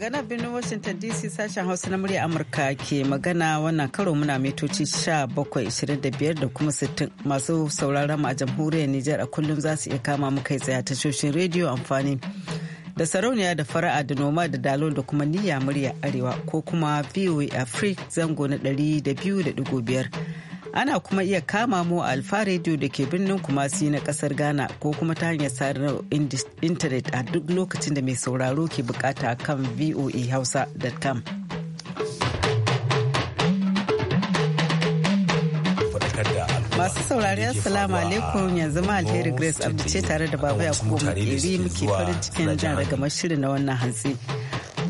Daga nan birnin Washington DC sashen Hausa na murya Amurka ke magana wannan karo muna mitoci 1725 da kuma 60 masu sauraron mu a jamhuriyar Nijar a kullum za su iya kama mu kai tsaye tashoshin rediyo amfani da sarauniya da fara'a da noma da dalo da kuma niyya murya arewa ko kuma VOA Africa zango na 200.5 ana kuma iya kama mu a alfa radio da ke birnin kumasi na kasar ghana ko kuma ta hanyar sadarwar intanet a duk lokacin da mai sauraro ke bukata kan voahausa.com masu saurari assalamu alaikum yanzu ma alheri grace abdu ce tare da baba yakubu makeri muke farin cikin jan ragamar shirin na wannan hantsi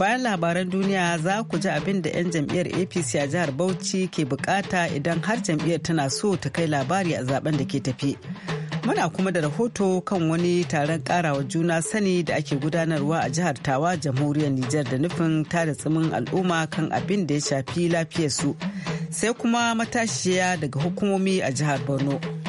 bayan labaran duniya za ku ji abin da 'yan jam'iyyar apc a jihar bauchi ke bukata idan har jam'iyyar tana so ta kai labari a zaben da ke tafi muna kuma da rahoto kan wani taron karawa juna sani da ake gudanarwa a jihar tawa jamhuriyar nijar da nufin tada tsimin al'umma kan abin da ya shafi lafiyarsu sai kuma matashiya daga hukumomi a jihar borno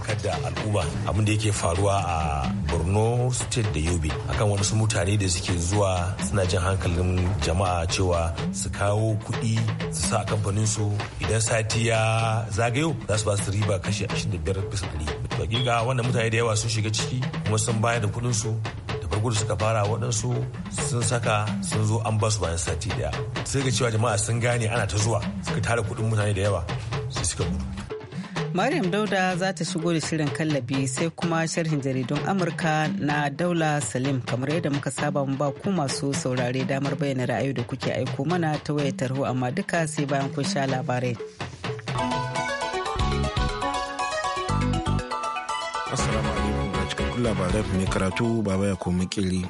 sadaukar da al'umma abin da yake faruwa a borno state da yobe akan wasu mutane da suke zuwa suna jin hankalin jama'a cewa su kawo kuɗi su sa kamfanin su idan sati ya zagayo za su ba su riba kashi 25 bisa ɗari hakika wannan mutane da yawa sun shiga ciki kuma sun bayar da kuɗin su farko da suka fara waɗansu sun saka sun zo an basu bayan sati daya sai ga cewa jama'a sun gane ana ta zuwa suka tara kuɗin mutane da yawa sai suka gudu Maryam Dauda za ta shigo da shirin kallabi sai kuma sharhin jaridun Amurka na Daula Salim kamar yadda muka saba mu ba ku masu saurare damar bayyana ra'ayi da kuke aiko mana ta wayar tarho amma duka sai bayan kun sha labarai. Assalamu alaikum ga cikakkun labarai mai karatu baba ya komi kiri.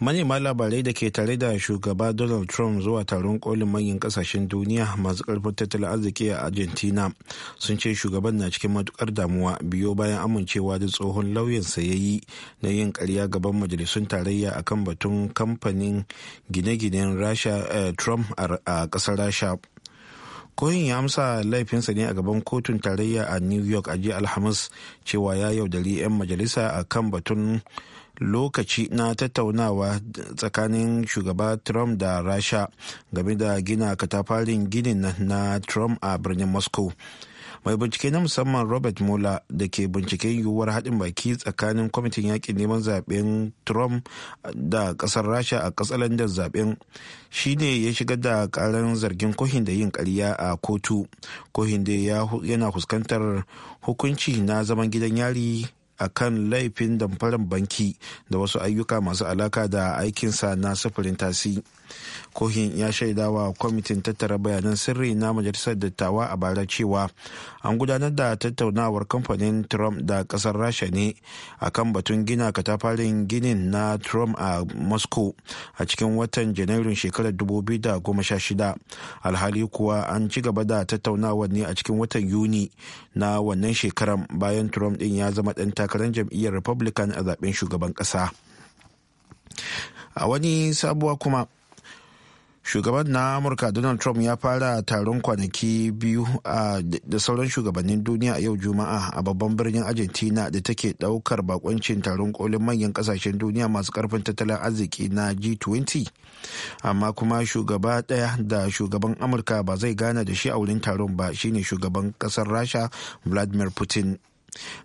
manema labarai da ke tare da shugaba donald trump zuwa taron kolin manyan kasashen duniya masu karfin tattalin arziki a argentina sun ce shugaban na cikin matukar damuwa biyo bayan amincewa da tsohon lauyan sayayi na yin karya gaban majalisun tarayya akan batun kamfanin gine-ginen eh, trump a kasar rasha koyin ya amsa laifinsa ne a gaban kotun tarayya a New York a jiya Alhamis cewa ya yaudari 'yan majalisa a kan batun lokaci na tattaunawa tsakanin shugaba trump da rasha game da gina katafarin ginin na trump a birnin moscow mai bincike na musamman robert mola da ke binciken yiwuwar haɗin baki tsakanin kwamitin yakin neman zaben trump da ƙasar rasha a ƙasar london zaben ne ya shigar da ƙarar zargin kohin da yin ƙarya a kotu kohin da yana fuskantar hukunci na zaman gidan yari a kan laifin damfarar banki da wasu ayyuka masu alaka da aikinsa na sufurin tasi. kohin ya shaida wa kwamitin tattara bayanan sirri na majalisar dattawa a bara cewa an gudanar da tattaunawar kamfanin trump da kasar rasha ne a kan batun gina katafarin ginin na trump a moscow a cikin watan janairun shekarar 2016 alhali kuwa an ci gaba da tattaunawar ne a cikin watan yuni na wannan shekarar bayan trump din ya zama ɗan takarar jam'iyyar republican a zaben shugaban ƙasa a wani sabuwa kuma shugaban na amurka donald trump ya fara taron kwanaki biyu da sauran shugabannin duniya a yau juma'a a babban birnin argentina da take daukar bakoncin taron kolin manyan kasashen duniya masu karfin tattalin arziki na g20 amma kuma shugaba daya da shugaban amurka ba zai gana da shi a wurin taron ba shine shugaban kasar rasha vladimir putin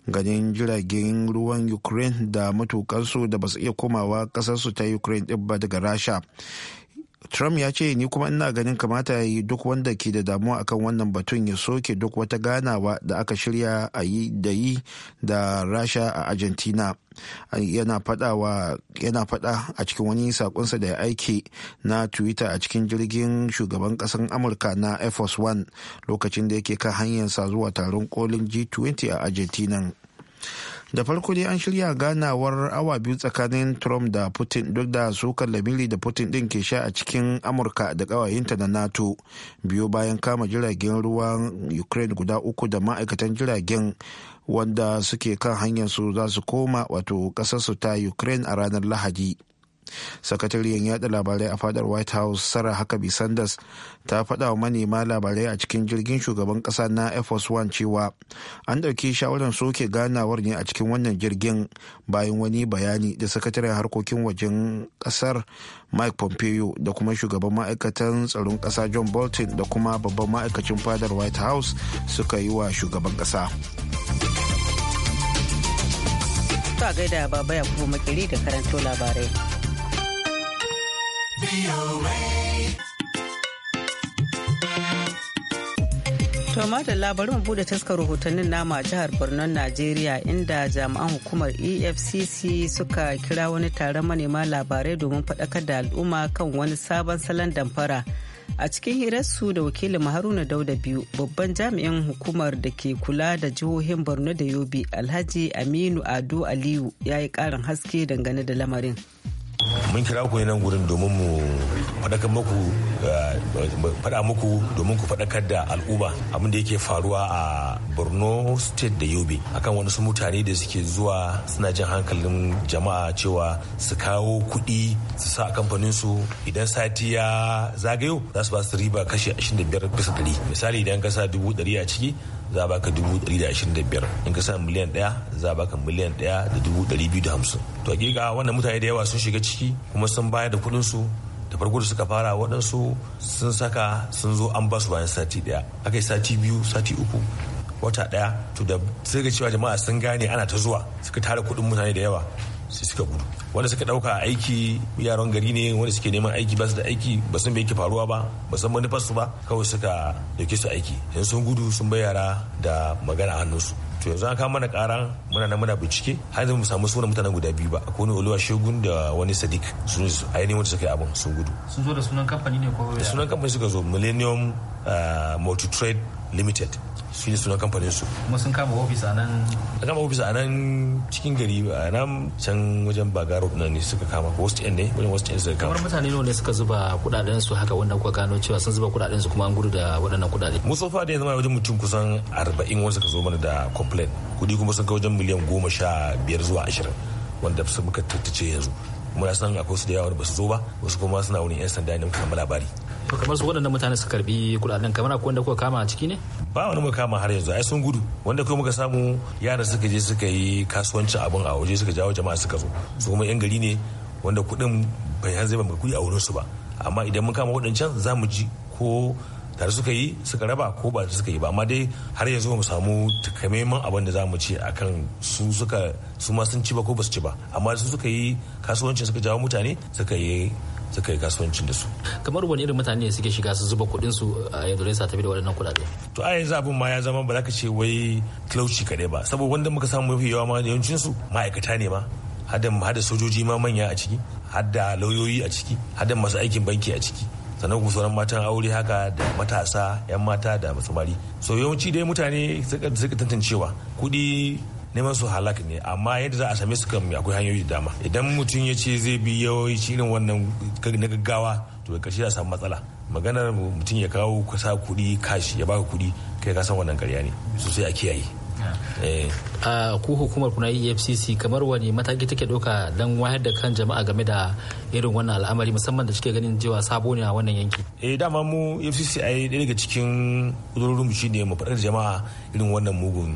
ganin jiragen ruwan ukraine da matukansu da basu iya komawa kasarsu ta ukraine din ba daga rasha trump ya ce ni kuma ina ganin kamata ya yi duk wanda ke da damuwa akan wannan batun ya soke duk wata ganawa da aka shirya a yi da yi da rasha a argentina yana fada a cikin wani sakonsa da ya aiki na twitter a cikin jirgin shugaban kasan amurka na air force one lokacin da yake kan sa zuwa taron kolin g20 a argentina da farko dai an shirya ganawar awa biyu tsakanin trump da putin duk da sukar lamiri da putin din ke sha a cikin amurka da kawayenta na nato biyu bayan kama jiragen ruwan ukraine guda uku da ma'aikatan jiragen wanda suke kan hanyar su za su koma wato kasarsu ta ukraine a ranar lahadi sakatariyar yada labarai a fadar white house sarah huckabee sanders ta faɗa wa manema labarai a cikin jirgin shugaban ƙasa na air force one cewa an ɗauki shawarar soke ganawar ne a cikin wannan jirgin bayan wani bayani da sakataren harkokin wajen ƙasar mike pompeo da kuma shugaban ma'aikatan tsaron ƙasa john bolton da kuma babban ma'aikacin fadar white house suka yi wa shugaban ƙasa. Ka gaida baba ya kuma makiri da karanto labarai. To da labarin taska bude taskar rahotannin nama a jihar Borno Najeriya inda jami'an hukumar EFCC suka kira wani taron manema labarai domin faɗakar da al'umma kan wani sabon salon damfara. A cikin hirarsu da wakilin Haruna Dauda biyu babban jami'in hukumar da ke kula da jihohin Borno da Yobe Alhaji Aminu Ado Aliyu ya yi ƙarin haske dangane da lamarin. mun kira ku nan gurin domin mu faɗakar muku eh, faɗa muku domin ku faɗakar da al'umma abin da yake faruwa a borno state da yobe akan wani su mutane da suke zuwa suna jin hankalin jama'a cewa su kawo kuɗi su sa a kamfanin su idan sati ya zagayo za su ba su riba kashi 25 bisa ɗari misali idan ka sa dubu ɗari a ciki za a baka dubu ɗari da ashirin da biyar in ka sa miliyan ɗaya za a baka miliyan ɗaya da dubu ɗari biyu da hamsin to hakika wannan mutane da yawa sun shiga ciki kuma sun bayar da kuɗin su da farko da suka fara waɗansu sun saka sun zo an basu bayan sati ɗaya aka yi sati biyu sati uku wata ɗaya to da sai ga cewa jama'a sun gane ana ta zuwa suka tara kuɗin mutane da yawa sai suka gudu wanda suka dauka aiki yaron gari ne wanda suke neman aiki ba su da aiki ba san me yake faruwa ba ba san manufar su ba kawai suka dauke su aiki yanzu sun gudu sun bai yara da magana hannunsu to yanzu an kama mana kara muna nan muna bincike har yanzu mu samu sunan mutanen guda biyu ba akwai wani oluwa shegun da wani sadiq sun su ainihin wanda suka yi abin sun gudu sun zo da sunan kamfani ne ko sunan kamfani suka zo millennium eh, multi trade limited su ne suna kamfanin su kuma sun kama ofis a nan a kama ofis a nan cikin gari a nan can wajen bagaro na ne suka kama ko wasu ne wajen wasu end suka kama kamar mutane nawa ne suka zuba kudaden su haka wanda kuka gano cewa sun zuba kudaden su kuma an gudu da waɗannan kudade musofa da ya zama wajen mutum kusan arba'in wani suka zo mana da complain. kudi kuma sun kai wajen miliyan goma sha biyar zuwa ashirin wanda su muka tattace yanzu muna san akwai su da yawa ba su zo ba wasu kuma suna wani yan sanda ne muka samu labari kamar su waɗannan mutane su karbi kuɗaɗen kamar akwai wanda kuka kama a ciki ne ba wani muka kama har yanzu ai sun gudu wanda kuma muka samu yara suka je suka yi kasuwanci abun a waje suka jawo jama'a suka zo su kuma yan gari ne wanda kuɗin bai hanzai ba kuɗi a wurin su ba amma idan mun kama waɗancan za mu ji ko tare suka yi suka raba ko ba suka yi ba amma dai har yanzu mu samu takamaiman abin da za mu ce akan su suka su ma sun ci ba ko ba su ci ba amma su suka yi kasuwancin suka jawo mutane suka yi suka yi kasuwancin da su kamar wani irin mutane ne suke shiga su zuba kuɗin su a yadda sa tafi da waɗannan kuɗaɗe to a yanzu abin ma ya zama ba za ka ce wai talauci kadai ba saboda wanda muka samu mafi yawa ma yawancin su ma'aikata ne ma hada sojoji ma manya a ciki hada lauyoyi a ciki hada masu aikin banki a ciki sannan kuma sauran matan aure haka da matasa 'yan mata da mari so yawanci dai mutane suka tantancewa kuɗi neman su halak ne amma yadda za a same su kan akwai hanyoyi da dama idan mutum ya ce zai bi yawanci irin wannan na gaggawa to karshe za samu matsala maganar mutum ya kawo kasa kuɗi kashi ya baka kuɗi kai ka san wannan karya ne sosai a kiyaye eh. a ku hukumar kuna efcc kamar wani mataki take doka don wayar da kan jama'a game da irin wannan al'amari musamman da suke ganin cewa sabo ne a wannan yanki eh dama mu efcc a yi daga cikin kudurorin mu ne mu faɗar jama'a irin wannan mugun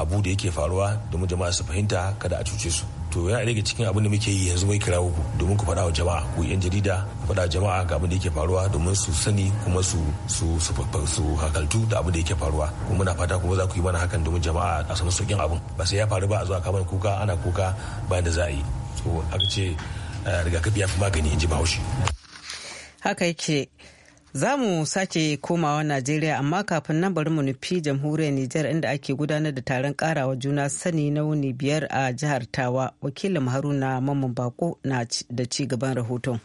abu da yake faruwa domin jama'a su fahimta kada a cuce su to yana rage cikin abin da muke yi yanzu mai kira ku domin ku faɗa wa jama'a ku yan jarida ku faɗa jama'a ga abin da yake faruwa domin su sani kuma su su su hakaltu da abin da yake faruwa kuma muna fata kuma za ku yi mana hakan domin jama'a a samu sauƙin abin ba sai ya faru ba a zuwa kamar kuka ana kuka bayan da za a yi to aka ce eh, rigakafi ya fi magani in ji bahaushe haka yake Za mu sake komawa Najeriya amma kafin nan bari mu nufi jamhuriyar Nijar inda ake gudanar da taron karawa juna sani na wuni biyar a jihar Tawa. Wakilin Haruna Mamman Bako na da ci gaban rahoton.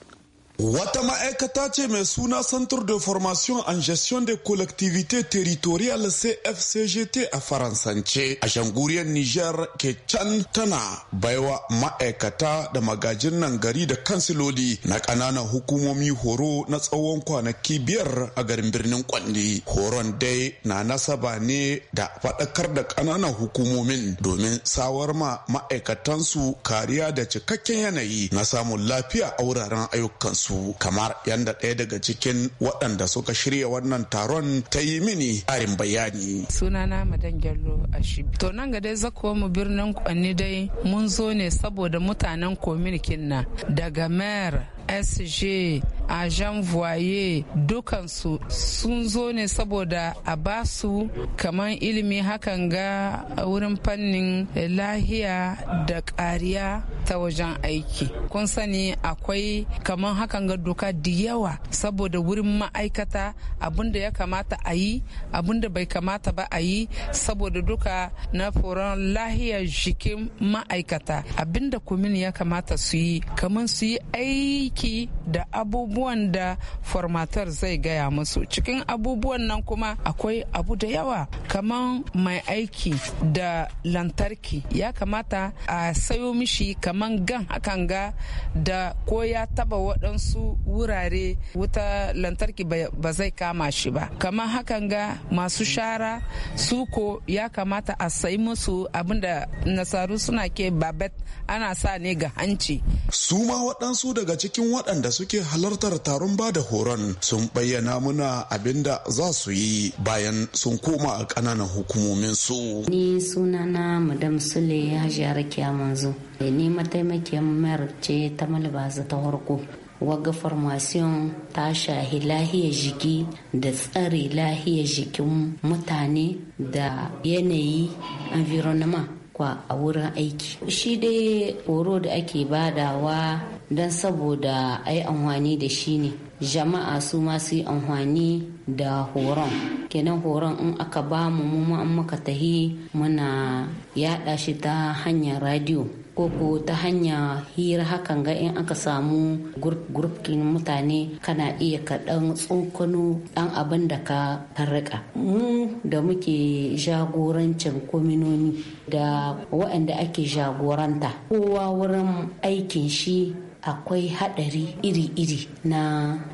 Wata ma'aikata ce mai suna Centre de Formation en Gestion de Collectivité Territoriales CFCGT a Faransance a shanguriyar Niger ke can tana baiwa ma'aikata da magajin nan gari da kansiloli na ƙananan hukumomi horo na tsawon kwanaki biyar a garin birnin Kwandi. Horon dai na nasaba ne da faɗakar da ƙananan hukumomin domin sawar ma ma'aikatansu kariya da cikakken yanayi na samun lafiya a wuraren ayyukansu. su kamar yadda ɗaya daga cikin waɗanda suka shirya wannan taron ta yi mini ƙarin bayani. Sunana Madan Gyallo shi. To nan ga dai zakuwa mu birnin Kwanni dai mun zo ne saboda mutanen kominikin na daga mayar sg jean voye dukansu sun zo ne saboda a ba su kamar ilimi hakan ga wurin fannin lahiya da kariya ta wajen aiki kun sani akwai kamar hakan ga doka da yawa saboda wurin ma'aikata abinda ya kamata a yi abinda bai kamata ba a yi saboda duka na furan lahiya jikin ma'aikata abinda kumin ya kamata su yi kamar su yi aiki que da abubuwan da formatar zai gaya musu cikin abubuwan nan kuma akwai abu da yawa kamar mai aiki da lantarki ya kamata a sayo mishi kamar gan hakan ga da ko ya taba waɗansu wurare wuta lantarki ba zai kama shi ba kamar hakan ga masu shara suko ya kamata a sayi musu abinda nasaru suna ke babet ana sa ne ga hanci su ma waɗansu daga cikin waɗanda suke halartar taron bada horon sun bayyana muna abin da za su yi bayan sun koma a ƙananan hukumomin su. Ni sunana Madam Sule Hajiya Rakiya da Ni mataimakiyar mayar ce ta malbaza ta harko waga farmasiyon ta shahi lahiyar jiki da tsare lahiyar jikin mutane da yanayi environment kwa a wurin aiki shi dai horo da ake badawa don saboda a amfani da shi ne jama'a su ma su yi amfani da horon kenan horon in aka ba mu mu an muka tahi muna yada shi ta hanyar radio ko ko ta hanya hira hakan ga in aka samu gurfkin mutane kana iya kaɗan tsunkano ɗan abin da ka tarrika mu da muke jagorancin kominoni da waɗanda ake jagoranta kowa wurin aikin shi akwai haɗari iri-iri na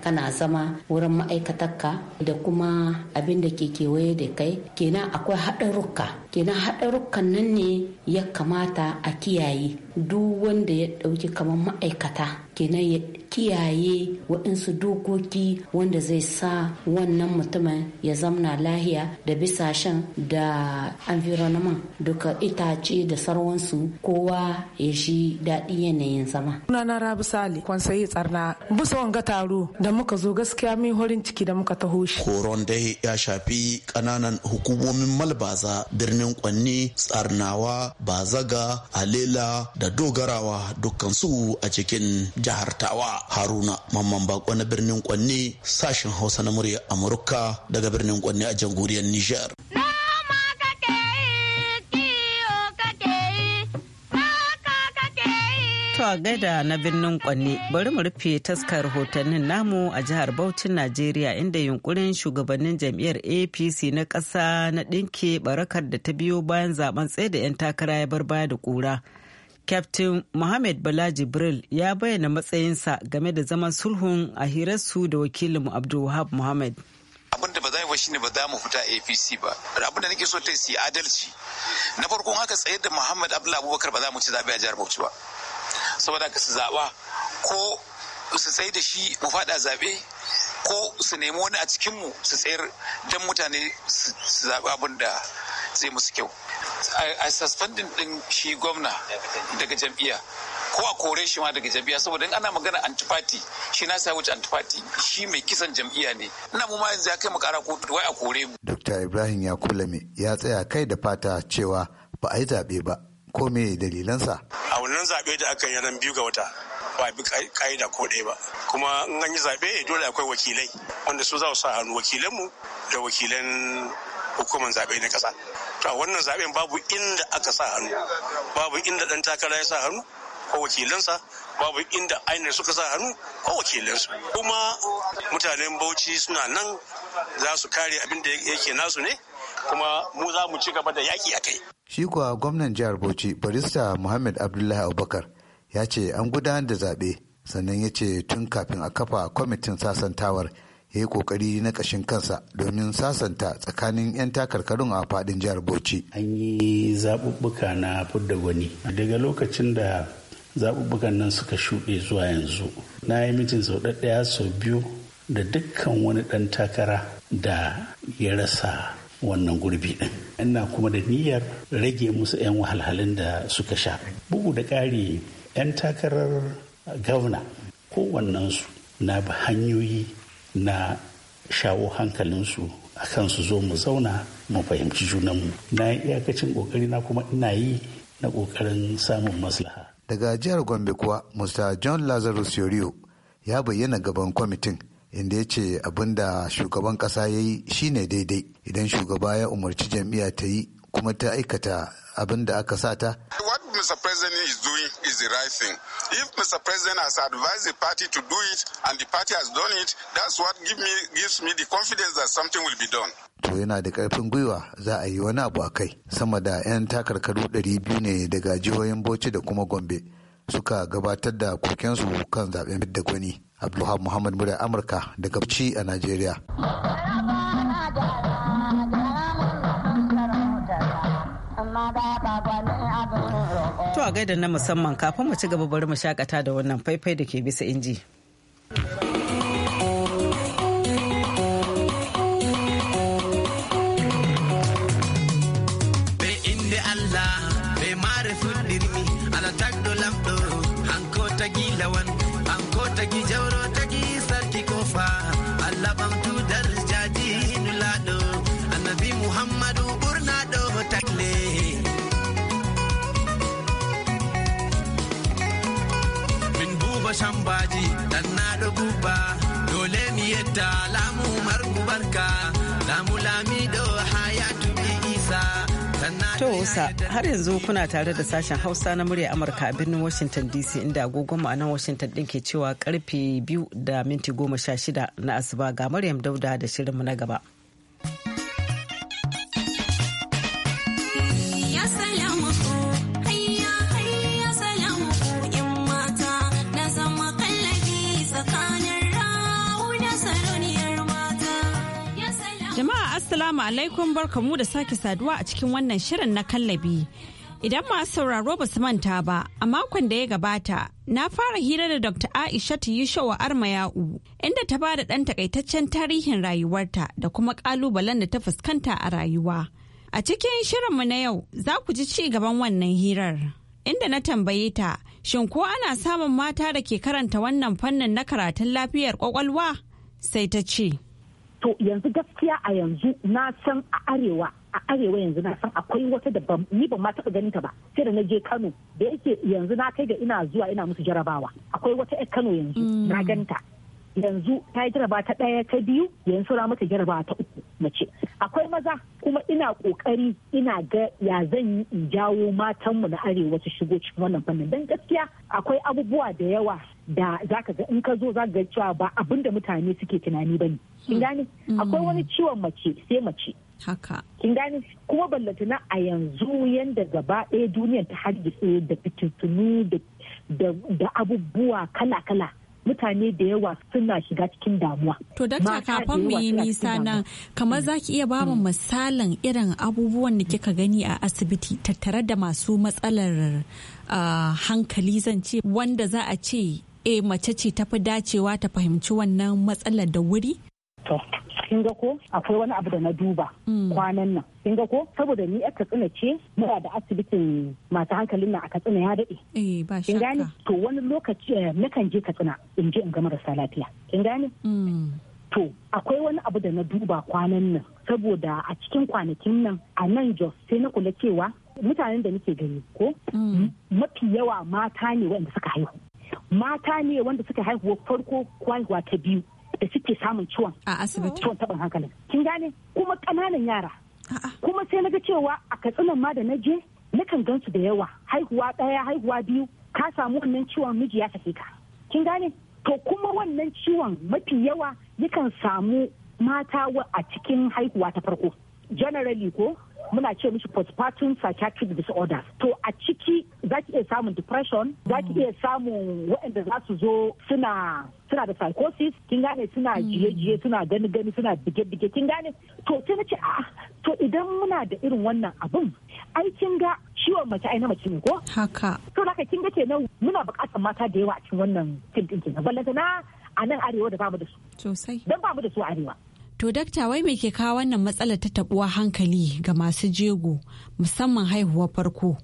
kana zama wurin ma'aikatarka da kuma abin da ke kewaye da kai kenan akwai haɗarurruka kenan haɗarurrukan nan ne ya kamata a kiyaye duk wanda ya ɗauki kamar ma'aikata kenan ya kiyaye waɗansu dokoki wanda zai sa wannan mutumin ya zamna lahiya da bisashen da environment duka itace da sarwansu kowa ya shi daɗi yanayin zama. Sunana rabu Sali, kwansayi tsarna. Bisa wanga taro da muka zo gaskiya mai horin ciki da muka taho shi. Koron dai ya shafi ƙananan hukumomin Malbaza, birnin Kwanni, Tsarnawa, Bazaga, Alela da da dogarawa dukkansu a cikin jihar tawa haruna mamman bakwa na birnin kwanne sashen hausa na murya amurka daga birnin kwanne a jamhuriyar niger Fatuwa gaida na birnin Kwanne bari mu rufe taskar hotonnin namu a jihar Bauchin Najeriya inda yunkurin shugabannin jam'iyyar APC na ƙasa na ɗinke barakar da ta biyo bayan zaben tsaye da 'yan takara ya bar baya da ƙura. Captain Mohamed Bala Jibril ya bayyana matsayinsa game da zaman sulhun a hirarsu da wakilinmu Abdulwahab Mohamed. abin da ba za yi shi ne ba za mu fita apc ba abin da nake so ta yi adalci na farkon haka tsayar da muhammad abdullahi abubakar ba za mu ci zaɓe a jihar bauchi ba saboda ka su zaba ko su tsaye da shi mu faɗa zaɓe ko su nemi wani a cikinmu su tsayar don mutane su zaɓi abin da zai musu kyau a suspendin ɗin shi gwamna daga jam'iyya ko a kore shi ma daga jam'iyya saboda in ana magana antifati shi na sa wuce antipati shi mai kisan jam'iyya ne ina mu ma yanzu ya kai mu ƙara kotu wai a kore mu dr ibrahim yakulame ya tsaya kai da fata cewa ba a yi zaɓe ba ko me dalilansa a wannan zaɓe da aka yi ran biyu ga wata ba bi ka'ida ko ɗaya ba kuma in an yi zaɓe dole akwai wakilai wanda su za su sa hannu mu da wakilan hukumar zaɓe na ƙasa to a wannan zaɓen babu inda aka sa hannu babu inda ɗan takara ya sa hannu ko wakilansa babu inda ainihin suka sa hannu ko wakilansu kuma mutanen bauchi suna nan za su kare abin da yake nasu ne kuma mu za mu ci gaba da yaƙi a kai shi kuwa gwamnan jihar bauchi barista muhammad abdullahi abubakar ya ce an gudanar da zaɓe sannan ya ce tun kafin a kafa kwamitin sasantawar ya yi kokari na ƙashin kansa domin sasanta tsakanin 'yan takarkarun a faɗin jihar bauchi an yi zaɓuɓɓuka na fudda gwani daga lokacin da zaɓuɓɓukan nan suka shuɗe zuwa yanzu na yi mitin sau ɗaya sau biyu da dukkan wani ɗan takara da ya rasa wannan gurbi ɗin ina kuma da niyyar rage musu 'yan wahalhalun da suka sha bugu da ƙari 'yan takarar gwamna kowannensu na bi hanyoyi na shawo hankalinsu a kan su zo mu zauna mu fahimci junanmu na iyakacin kokari na kuma ina yi na kokarin samun maslaha daga jihar gombe kuwa mr john lazarus yorio ya bayyana gaban kwamitin inda ya ce abin da shugaban kasa ya yi shine daidai idan shugaba ya umarci jam'iyya ta yi kuma ta aikata abin da aka sata Mr. President is doing is the right thing. If Mr. President has advised the party to do it and the party has done it, that's what give me, gives me the confidence that something will be done. To yana da karfin gwiwa za a yi wani abu a kai sama da 'yan takarkaru 200 ne daga jihohin Bauchi da kuma Gombe suka gabatar da kokensu kan zaben da gwani. Abdulhab Muhammad muda Amurka da Gabci a Najeriya. a gaida na musamman kafin mu ci gaba bari mu shakata da wannan faifai da ke bisa inji. ta lamu lamu isa To har yanzu kuna tare da sashen Hausa na murya Amurka a birnin Washington DC inda agogon a nan Washington ɗin ke cewa karfe biyu da minti goma sha shida na asuba ga Maryam Dauda da shirinmu na gaba. Assalamu alaikum barkamu da sake saduwa a cikin wannan shirin na kallabi. Idan masu sauraro ba su manta ba, a makon da ya gabata, na fara hira da Dr. Aisha Yushawa Armayau, inda ta ba da ɗan takaitaccen tarihin rayuwarta da kuma ƙalubalen da ta fuskanta a rayuwa. A cikin shirinmu na yau, za ku ji ci gaban wannan hirar, inda na tambaye ta, shin ko ana samun mata da ke karanta wannan fannin na karatun lafiyar ƙwaƙwalwa? Sai ta ce. to yanzu gaskiya a yanzu na san a arewa a arewa yanzu na san akwai wata da ni ban ma taɓa ganin ta ba sai da na je Kano da yake yanzu na kai ga ina zuwa ina musu jarabawa akwai wata yar Kano yanzu na mm. ganta yanzu ta yi jaraba ta ɗaya ta biyu yanzu na mata jaraba ta uku mace akwai maza kuma ina kokari ina ga ya zan yi in jawo matanmu na arewa su shigo cikin wannan fannin dan gaskiya akwai abubuwa da yawa da zaka ga in ka zo zaka ga cewa ba abin da mutane suke tunani bane kin hmm. gane akwai wani hmm. ciwon mace sai mace haka kin gane kuma ballatana a yanzu yanda gaba ɗaya duniyar ta hargitse da fitintunu da abubuwa kala-kala mutane da yawa suna shiga cikin damuwa. To dakta kafin mu yi nisa nan kamar za ki iya ba mu hmm. misalin irin abubuwan da kika gani a asibiti tattare da masu matsalar ah, hankali zan ce wanda za a ce e mace ce tafi dacewa ta fahimci wannan matsalar da wuri? to Kin ga ko akwai wani abu da na duba hmm. kwanan nan. Kin ga ko saboda ni a Katsina ce muna da asibitin masu hankalin na a Katsina ya daɗe. Eh Kin gane to wani lokaci eh, na kan je Katsina in je in ga marasa lafiya. Kin gane? Hmm. To akwai wani abu da na duba kwanan nan saboda a cikin kwanakin nan a nan Jos sai na kula cewa mutanen da nake gani ko hmm. mafi yawa mata ne waɗanda suka haihu mata ne wanda suka haihuwa farko kwaihuwa ta biyu da suke samun ciwon a asibiti ciwon taɓin hankalin kin gane kuma ƙananan yara kuma sai na ga cewa a katsinan ma da na je nakan gansu da yawa haihuwa ɗaya haihuwa biyu ka samu wannan ciwon miji ya tafi ka kin gane to kuma wannan ciwon mafi yawa yakan samu mata a cikin haihuwa ta farko generally ko muna ce mishi postpartum psychiatric disorders to a ciki za ki iya samun depression za ki iya samun waɗanda za su zo suna suna da psychosis kin gane suna mm. jiye-jiye suna gani-gani suna bige-bige kin gane to ta nace a to idan muna da irin wannan abun ai kin ga ciwon mace ai na mace ne ko haka to haka kin ga kenan muna buƙatar mata da yawa a cikin wannan tim din kenan ballanta na a nan arewa da bamu da su sosai dan bamu da su arewa To dakta wai me ke kawo wannan matsalar ta tabuwa hankali ga masu jego musamman haihuwa farko?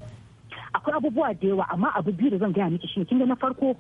Akwai abubuwa da yawa amma abu biyu da zan gaya miki shi kin na farko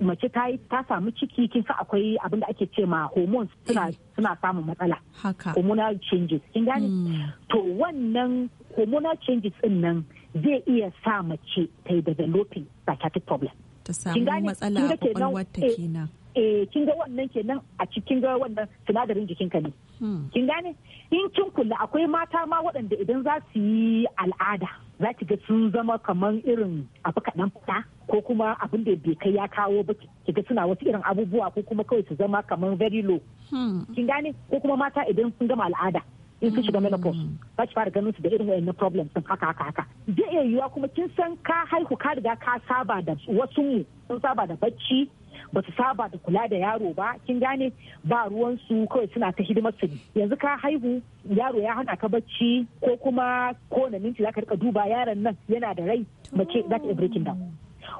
mace ta ta samu ciki kin sa akwai abin da ake ce ma hormones suna eh. suna samun matsala. Haka. Hormonal changes kin gane? Hmm. To wannan hormonal changes din nan zai iya sa mace ta yi developing psychiatric problem. Ta samu matsala a ta kenan. Eh, kin ga wannan kenan a cikin ga wannan sinadarin jikinka ne hmm. kin gane in kin kula akwai mata ma waɗanda idan za su yi al'ada za ki ga sun zama kamar irin abu kaɗan fita ko kuma abin da bai kai ya kawo ba ki ga suna wasu irin abubuwa ko kuma kawai su zama kamar very low hmm. kin gane ko kuma mata idan sun gama al'ada in sun shiga menopause hmm. za ki fara ganin su da irin wayannan problem sun haka haka haka zai iya yiwuwa kuma kin san ka haihu ka riga ka saba da wasu mu sun saba da bacci ba su saba da kula da yaro ba kin gane ba ruwan su kawai suna ta hidimar su yanzu ka haihu yaro ya hana ka bacci ko kuma ko na minti zaka rika duba yaron nan yana da rai mace za ta breaking down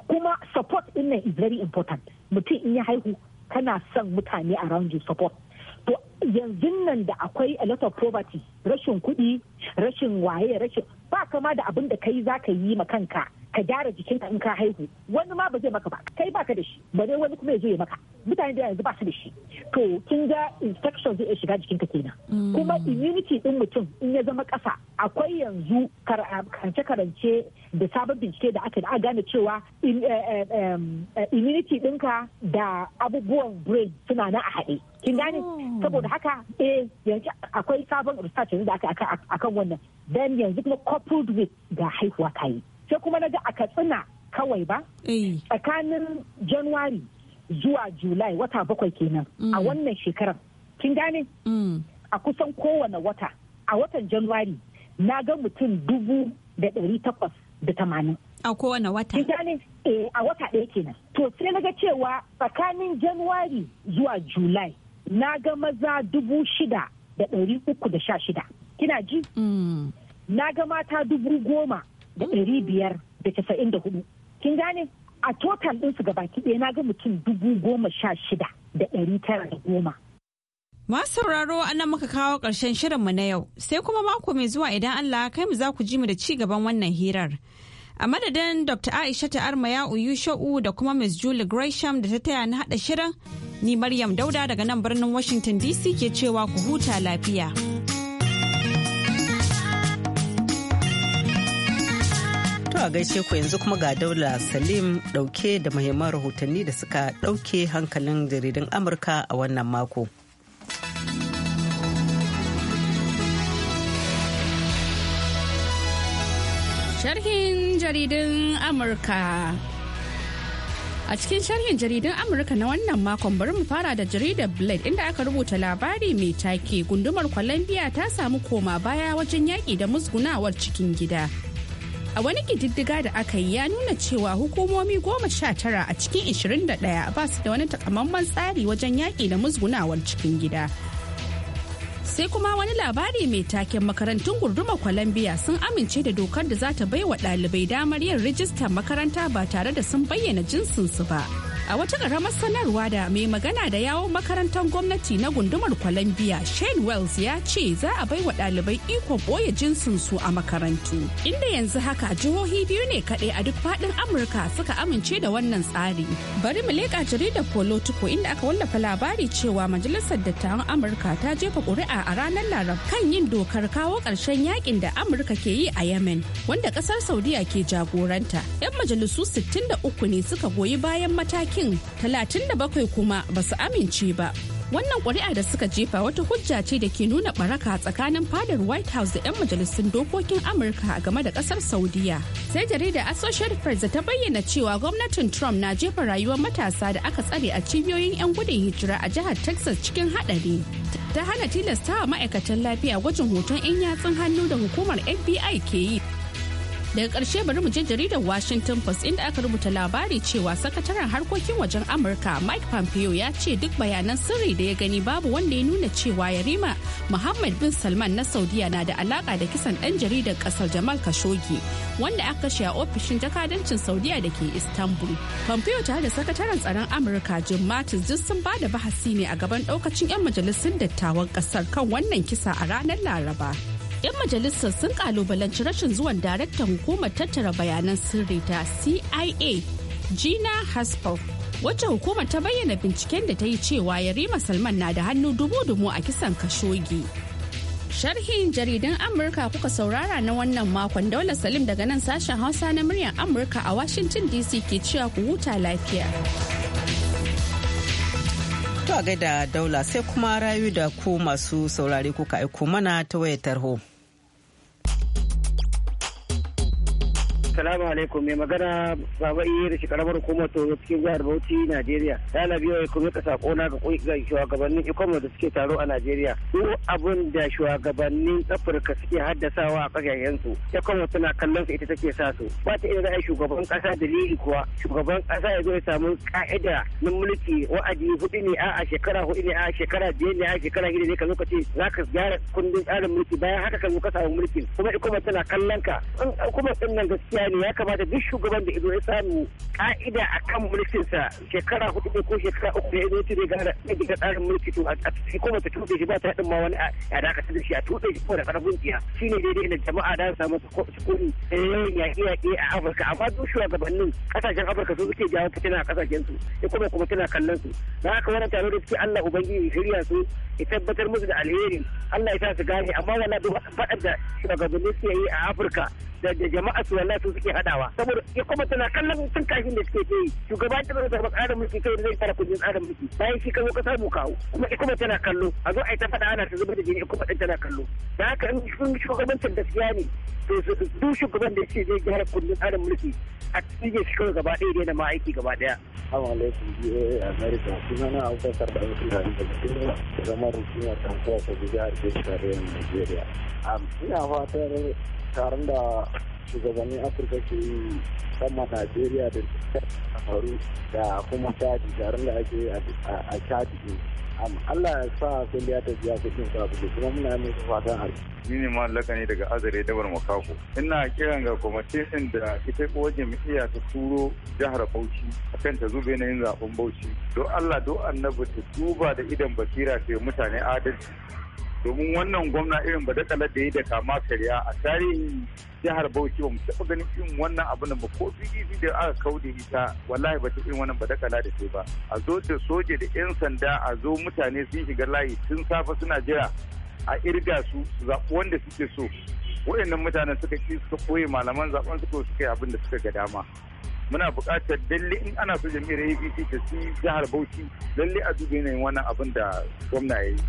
kuma support din nan is very important mutum in ya haihu kana son mutane around you support to yanzu nan da akwai a lot of poverty rashin kuɗi rashin waye rashin ba kama da abin da kai zaka yi ma kanka ka gyara jikinka in ka haihu wani ma ba zai maka ba kai baka da shi ba dai wani kuma ya zo ya maka mutane da yanzu ba su da shi to kin ga infection zai shiga shiga ka kenan mm. kuma immunity din mutum in ya zama ƙasa akwai yanzu ah, karance-karance da sabon bincike da aka da gane cewa eh, eh, eh, immunity ɗinka da abubuwan brain suna na a haɗe kin gane oh. saboda haka eh yanzu akwai sabon research da aka akan wannan then yanzu kuma coupled with da haihuwa kayi sai kuma na ga a katsina kawai ba eh. tsakanin januwari zuwa julai wata bakwai kenan a mm. wannan shekarar kin gane mm. a kusan kowane wata a watan januwari na ga mutum dubu da ɗari takwas da tamanin a kowane wata kin gane eh, a wata ɗaya kenan to sai na ga cewa tsakanin januwari zuwa julai na ga maza dubu shida da ɗari uku da sha shida kina ji mm. na ga mata dubu goma da ɗari biyar da casa'in da hudu kin gane a total ɗinsu gabaki ɗaya na ga mutum dubu goma sha shida da ɗari tara da goma Masu sauraro an nan muka kawo ƙarshen shirinmu na yau sai kuma mako mai zuwa idan Allah kai mu za ku ji mu da ci gaban wannan hirar. A madadin Dr. Aisha Arma ya uyu sha'u da kuma Ms. Julie Gresham da ta taya na haɗa shirin, ni Maryam Dauda daga nan birnin Washington DC ke cewa ku huta lafiya. a gaishe ku yanzu kuma ga Daula Salim dauke da muhimman rahotanni da suka dauke hankalin jaridun Amurka a wannan mako. Sharhin jaridun Amurka A cikin sharhin jaridun Amurka na wannan makon bari mu fara da jaridar Blade inda aka rubuta labari mai take gundumar Colombia ta samu koma baya wajen yaƙi da musgunawar cikin gida. a wani kididdiga da aka yi ya nuna cewa hukumomi goma sha tara a cikin 21 ba su da wani takamaiman tsari wajen yaƙi da musgunawar cikin gida sai kuma wani labari mai taken makarantun Gurduma columbia sun amince da dokar da za ta baiwa ɗalibai damar yin rijistar makaranta ba tare da sun bayyana jinsinsu ba. a wata ƙaramar sanarwa da mai magana da yawon makarantar gwamnati na gundumar columbia shane wells ya ce za a baiwa ɗalibai ikon ɓoye jinsinsu a makarantu inda yanzu haka jihohi biyu ne kaɗai a duk faɗin amurka suka amince da wannan tsari bari mu leƙa jaridar politico inda aka wallafa labari cewa majalisar dattawan amurka ta jefa ƙuri'a a ranar larab kan yin dokar kawo ƙarshen yakin da amurka ke yi a yemen wanda ƙasar saudiya ke jagoranta yan majalisu uku ne suka goyi bayan mataki yankin 37 kuma ba su amince ba. Wannan ƙuri'a da suka jefa wata hujja ce da ke nuna ɓaraka tsakanin fadar White House da 'yan majalisun dokokin Amurka game da ƙasar Saudiya. Sai jarida Associated Press ta bayyana cewa gwamnatin Trump na jefa rayuwar matasa da aka tsare a cibiyoyin 'yan gudun hijira a jihar Texas cikin haɗari. Ta hana tilastawa ma'aikatan lafiya gwajin hoton 'yan yatsun hannu da hukumar FBI ke yi daga ƙarshe bari mu je jaridar washington post inda aka rubuta labari cewa sakataren harkokin wajen amurka mike pompeo ya ce duk bayanan sirri da ya gani babu wanda ya nuna cewa yarima muhammad bin salman na saudiya na da alaka da kisan ɗan jaridar ƙasar jamal khashoggi wanda aka kashe a ofishin jakadancin saudiya da ke istanbul pompeo tare da sakataren tsaron amurka jim mattis duk sun ba da bahasi ne a gaban ɗaukacin 'yan majalisun dattawan ƙasar kan wannan kisa a ranar laraba 'yan majalisar sun kalubalanci rashin zuwan daraktan hukumar tattara bayanan sirri ta cia gina haspel wacce hukumar ta bayyana binciken da ta yi cewa yarima salman na da hannu dubu-dubu a kisan kashogi sharhin jaridan amurka kuka saurara na wannan makon daular salim daga nan sashen hausa na muryar amurka a washington dc ke cewa ku huta lafiya to gaida daula sai kuma rayu da ku masu saurare kuka aiko mana ta wayar tarho. Assalamu alaikum mai magana baba iya da shekarar hukumar Tozo cikin jihar Bauchi Najeriya. ta na biyo ya kuma kasa kona ga shugabannin ikomo da suke taro a Najeriya. Duk abin da shugabannin Afirka suke haddasawa a kasashen su. Ikomo tana kallon su ita take sa su. Ba ta iya a shugaban kasa dalili kuwa. Shugaban kasa ya zo ya samu ka'ida na mulki wa'adi hudu ne a shekara hudu ne a shekara biyar ne a shekara shida ne ka zo ce za ka gyara kundin tsarin mulki bayan haka ka zo ka samu mulkin. Kuma ikomo tana kallon ka. Kuma ɗin nan gaskiya ne ya kamata duk shugaban da ido ya samu ka'ida a kan mulkinsa shekara hudu ne ko shekara uku ya zo tuni ga daga tsarin mulki to a cikin kuma ta tuɗe shi ba ta haɗin ma wani a dakatar da shi a tuɗe shi ko da ƙarfin jiya shi ne daidai da jama'a da samu sukuni yayin yaƙe-yaƙe a afirka amma duk shugabannin ƙasashen afirka su suke jawo fitina a ƙasashen su ya kuma kuma tana kallon su na haka wani taro da suke allah ubangiji shirya su ya tabbatar musu da alheri allah ya sa su gane amma wala duk faɗar da shugabanni suke yi a afirka da jama'a su wallahi su suke hadawa saboda ya kuma tana kallon cin kashin da suke ke yi shugaba da zai zama tsarin mulki kai zai fara kudin tsarin mulki bayan shi kawo ka samu kawo kuma ya kuma tana kallo a zo a yi ta faɗa ana ta zubar da jini ya kuma tana kallo da haka in sun shugabancin gaskiya ne to su duk shugaban da ya ce zai gyara kundin tsarin mulki a cikin ya shi kawai gaba ɗaya da ma ma'aiki gaba ɗaya. Assalamu alaikum BAA America suna na Abubakar da Abubakar da Abubakar da zama hukumar tankuwa ta jihar Kebbi tarayyar Najeriya. Ina fatar taron da shugabannin afirka ke yi sama najeriya da faru da kuma chadi taron da ake a ne allah ya sa kun ya tafiya kudin sabu kuma muna mai fatan hali ni ne mallaka ne daga azare dabar makako ina kiran ga kwamitin da ita ko mu iya ta turo jihar bauchi akan ta zube na yin zaben bauchi don allah don annabi ta duba da idan basira ta mutane adalci domin wannan gwamna irin ba da da yi da kama karya a tarihin jihar Bauchi ba mu taɓa ganin irin wannan abin ba ko PDP da aka kaude ita wallahi ba ta irin wannan ba da da ce ba a zo da soja da 'yan sanda a zo mutane sun shiga layi tun safe suna jira a irga su zaɓi wanda suke so wa'annan mutanen suka ƙi suka ɓoye malaman zaɓen suka suka yi abin da suka ga dama muna buƙatar lalle in ana so jam'iyyar apc ta ci jihar bauchi lalle a duba yanayin wannan abin da gwamna ya yi.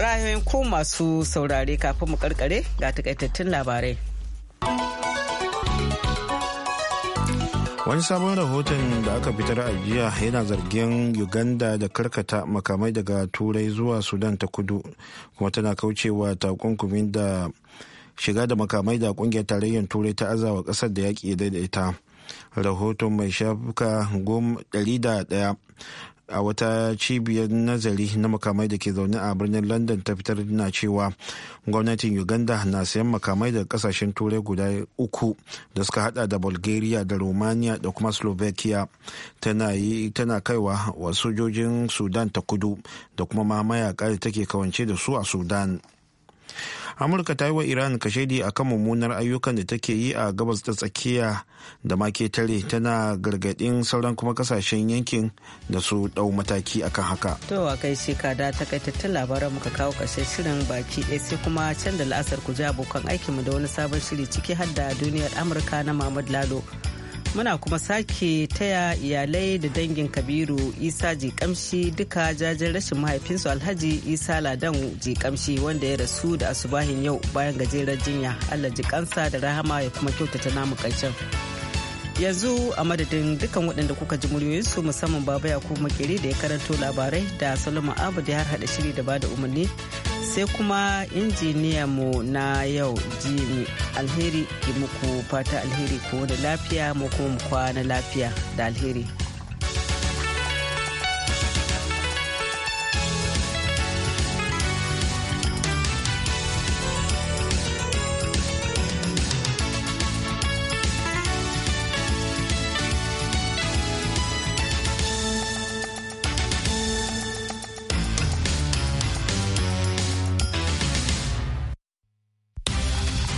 rayoyin ko masu saurare kafin mu karkare ga takaitattun labarai. wani sabon rahoton da aka fitar a jiya yana zargin uganda da karkata makamai daga turai zuwa sudan ta kudu kuma tana kaucewa takunkumin da shiga da makamai da kungiyar tarayyar turai ta azawa kasar da yaƙi daidaita rahoton mai shafuka goma a wata cibiyar nazari na makamai da ke zaune a birnin london ta fitar na cewa gwamnatin uganda na sayan makamai daga kasashen turai guda uku da suka hada da bulgaria da romania da kuma slovakia tana kaiwa wa sojojin sudan ta kudu da kuma ma mayaka da take kawance da su a sudan amurka ta yi wa iran kashedi akan mummunar ayyukan da take yi a gabas ta tsakiya da make tare tana gargadin sauran kuma kasashen yankin da su dau mataki akan haka to a kai sai ka da ta labaran muka kawo kashe shirin baki ɗaya sai kuma can da la'asar ku ji abokan aikinmu da wani sabon shiri ciki har da duniyar amurka na mahmud lalo muna kuma sake taya iyalai da dangin kabiru isa jikamshi duka jajen rashin mahaifinsu alhaji isa ladan jikamshi wanda ya rasu da asubahin yau bayan gajeren jinya allah jikansa da rahama ya kuma kyautata namu karshen yanzu a madadin dukan waɗanda kuka ji muryoyinsu musamman baba ya makere da ya karanto labarai da salama abu da ya harhaɗa shiri da bada umarni sai kuma injiniya mu na yau ji alheri ki muku fata alheri ko da lafiya mu kuma kwana lafiya da alheri